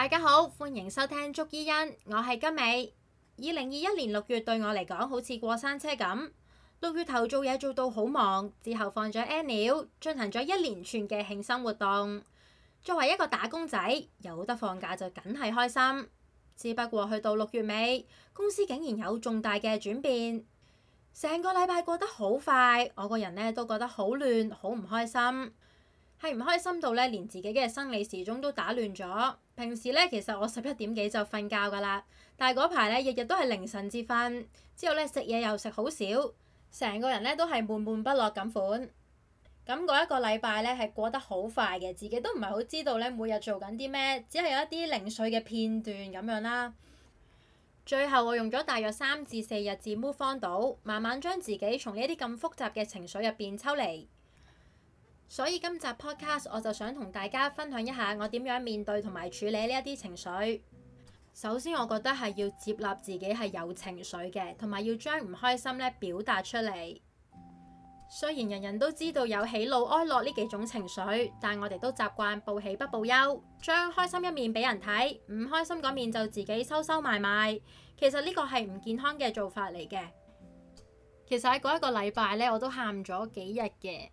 大家好，歡迎收聽《足伊欣》，我係金美。二零二一年六月對我嚟講好似過山車咁，六月頭做嘢做到好忙，之後放咗 annual leave，進行咗一連串嘅慶生活動。作為一個打工仔，有得放假就梗係開心。只不過去到六月尾，公司竟然有重大嘅轉變，成個禮拜過得好快，我個人咧都覺得好亂，好唔開心。係唔開心到咧，連自己嘅生理時鐘都打亂咗。平時咧，其實我十一點幾就瞓覺㗎啦，但係嗰排咧，日日都係凌晨至瞓，之後咧食嘢又食好少，成個人咧都係悶悶不樂咁款。咁嗰一個禮拜咧係過得好快嘅，自己都唔係好知道咧每日做緊啲咩，只係有一啲零碎嘅片段咁樣啦。最後我用咗大約三至四日至 move on 到，慢慢將自己從呢啲咁複雜嘅情緒入邊抽離。所以今集 podcast 我就想同大家分享一下我點樣面對同埋處理呢一啲情緒。首先，我覺得係要接納自己係有情緒嘅，同埋要將唔開心咧表達出嚟。雖然人人都知道有喜怒哀樂呢幾種情緒，但我哋都習慣報喜不報憂，將開心一面俾人睇，唔開心嗰面就自己收收埋埋。其實呢個係唔健康嘅做法嚟嘅。其實喺嗰一個禮拜咧，我都喊咗幾日嘅。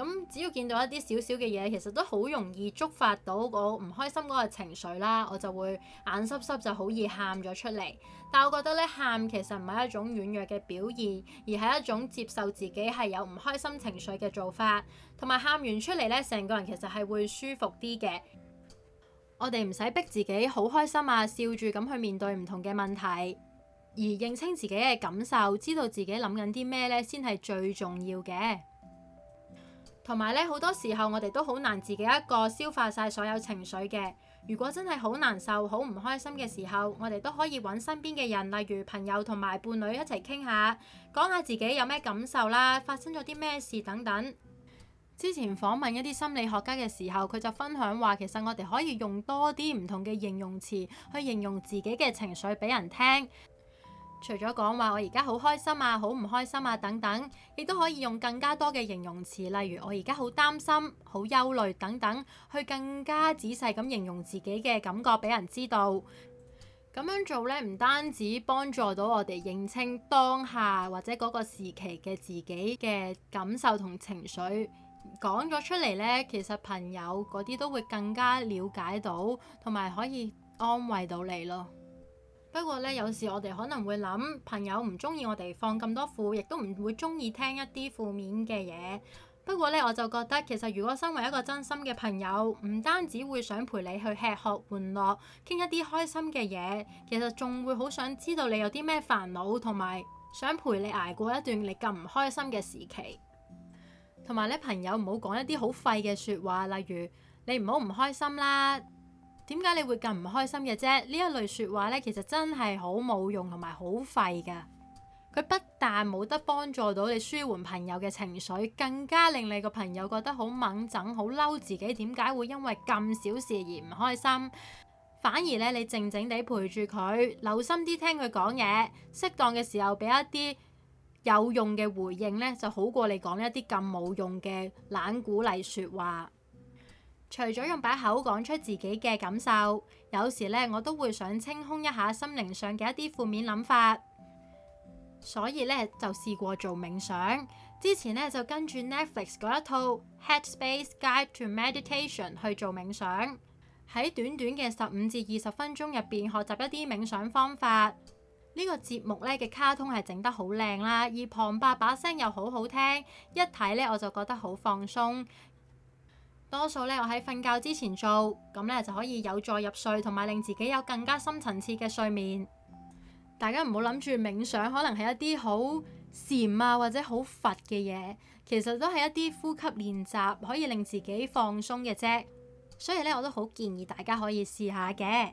咁只要見到一啲少少嘅嘢，其實都好容易觸發到我唔開心嗰個情緒啦，我就會眼濕濕就好易喊咗出嚟。但我覺得咧，喊其實唔係一種軟弱嘅表現，而係一種接受自己係有唔開心情緒嘅做法。同埋喊完出嚟咧，成個人其實係會舒服啲嘅。我哋唔使逼自己好開心啊，笑住咁去面對唔同嘅問題，而認清自己嘅感受，知道自己諗緊啲咩咧，先係最重要嘅。同埋咧，好多時候我哋都好難自己一個消化晒所有情緒嘅。如果真係好難受、好唔開心嘅時候，我哋都可以揾身邊嘅人，例如朋友同埋伴侶一齊傾下，講下自己有咩感受啦，發生咗啲咩事等等。之前訪問一啲心理學家嘅時候，佢就分享話，其實我哋可以用多啲唔同嘅形容詞去形容自己嘅情緒俾人聽。除咗講話我而家好開心啊、好唔開心啊等等，亦都可以用更加多嘅形容詞，例如我而家好擔心、好憂慮等等，去更加仔細咁形容自己嘅感覺俾人知道。咁樣做咧，唔單止幫助到我哋認清當下或者嗰個時期嘅自己嘅感受同情緒，講咗出嚟咧，其實朋友嗰啲都會更加了解到，同埋可以安慰到你咯。不過咧，有時我哋可能會諗朋友唔中意我哋放咁多負，亦都唔會中意聽一啲負面嘅嘢。不過咧，我就覺得其實如果身為一個真心嘅朋友，唔單止會想陪你去吃喝玩樂，傾一啲開心嘅嘢，其實仲會好想知道你有啲咩煩惱，同埋想陪你捱過一段你咁唔開心嘅時期。同埋咧，朋友唔好講一啲好廢嘅説話，例如你唔好唔開心啦。點解你會咁唔開心嘅啫？呢一類説話咧，其實真係好冇用同埋好廢噶。佢不但冇得幫助到你舒緩朋友嘅情緒，更加令你個朋友覺得好懵憎、好嬲自己。點解會因為咁小事而唔開心？反而咧，你靜靜地陪住佢，留心啲聽佢講嘢，適當嘅時候俾一啲有用嘅回應咧，就好過你講一啲咁冇用嘅懶鼓勵説話。除咗用把口講出自己嘅感受，有時咧我都會想清空一下心靈上嘅一啲負面諗法，所以咧就試過做冥想。之前咧就跟住 Netflix 嗰一套《Headspace Guide to Meditation》去做冥想，喺短短嘅十五至二十分鐘入邊學習一啲冥想方法。呢個節目咧嘅卡通係整得好靚啦，而旁白把聲又好好聽，一睇咧我就覺得好放鬆。多數咧，我喺瞓覺之前做，咁咧就可以有助入睡同埋令自己有更加深層次嘅睡眠。大家唔好諗住冥想，可能係一啲好禪啊或者好佛嘅嘢，其實都係一啲呼吸練習，可以令自己放鬆嘅啫。所以咧，我都好建議大家可以試下嘅。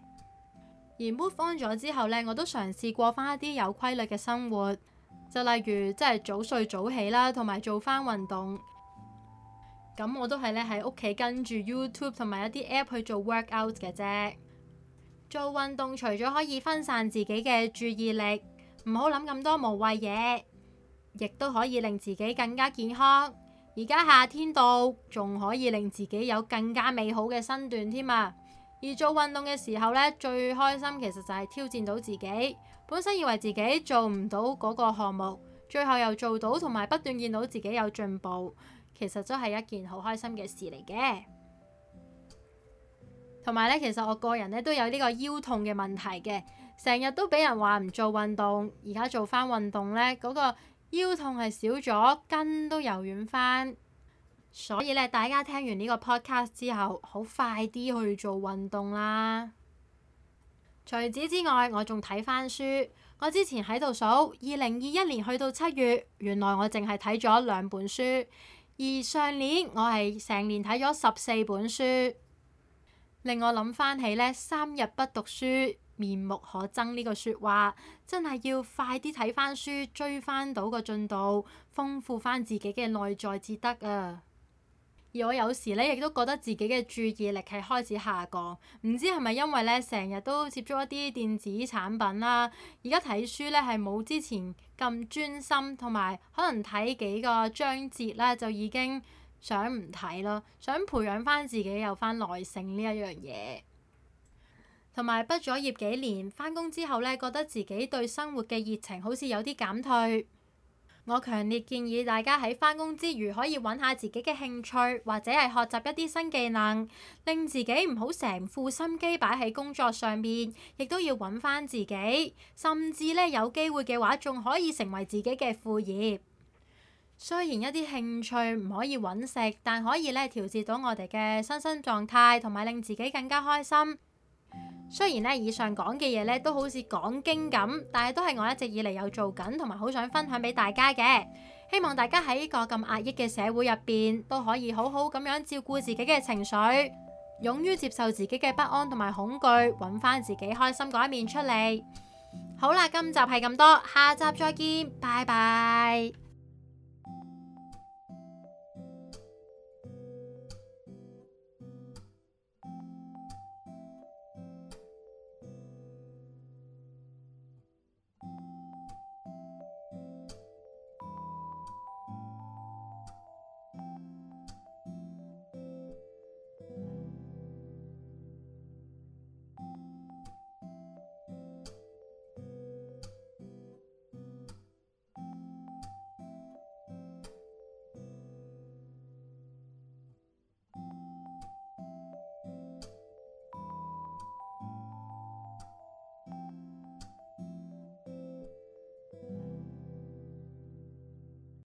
而 move on 咗之後咧，我都嘗試過翻一啲有規律嘅生活，就例如即係早睡早起啦，同埋做翻運動。咁我都係咧喺屋企跟住 YouTube 同埋一啲 app 去做 workout 嘅啫。做運動除咗可以分散自己嘅注意力，唔好諗咁多無謂嘢，亦都可以令自己更加健康。而家夏天到，仲可以令自己有更加美好嘅身段添啊！而做運動嘅時候咧，最開心其實就係挑戰到自己。本身以為自己做唔到嗰個項目，最後又做到，同埋不斷見到自己有進步。其實都係一件好開心嘅事嚟嘅，同埋咧，其實我個人咧都有呢個腰痛嘅問題嘅，成日都俾人話唔做運動，而家做翻運動呢，嗰個腰痛係少咗，筋都柔軟翻。所以咧，大家聽完呢個 podcast 之後，好快啲去做運動啦。除此之外，我仲睇翻書。我之前喺度數二零二一年去到七月，原來我淨係睇咗兩本書。而上年我係成年睇咗十四本書，令我諗翻起咧，三日不讀書面目可憎呢個説話，真係要快啲睇翻書，追翻到個進度，豐富翻自己嘅內在至得啊！而我有時咧，亦都覺得自己嘅注意力係開始下降，唔知係咪因為咧成日都接觸一啲電子產品啦、啊。而家睇書咧係冇之前咁專心，同埋可能睇幾個章節咧就已經想唔睇咯，想培養翻自己有翻耐性呢一樣嘢。同埋畢咗業幾年，翻工之後咧，覺得自己對生活嘅熱情好似有啲減退。我強烈建議大家喺翻工之餘可以揾下自己嘅興趣，或者係學習一啲新技能，令自己唔好成副心機擺喺工作上面。亦都要揾翻自己，甚至咧有機會嘅話仲可以成為自己嘅副業。雖然一啲興趣唔可以揾食，但可以咧調節到我哋嘅身心狀態，同埋令自己更加開心。雖然咧以上講嘅嘢咧都好似講經咁，但係都係我一直以嚟有做緊，同埋好想分享俾大家嘅。希望大家喺呢個咁壓抑嘅社會入邊，都可以好好咁樣照顧自己嘅情緒，勇於接受自己嘅不安同埋恐懼，揾翻自己開心嗰一面出嚟。好啦，今集係咁多，下集再見，拜拜。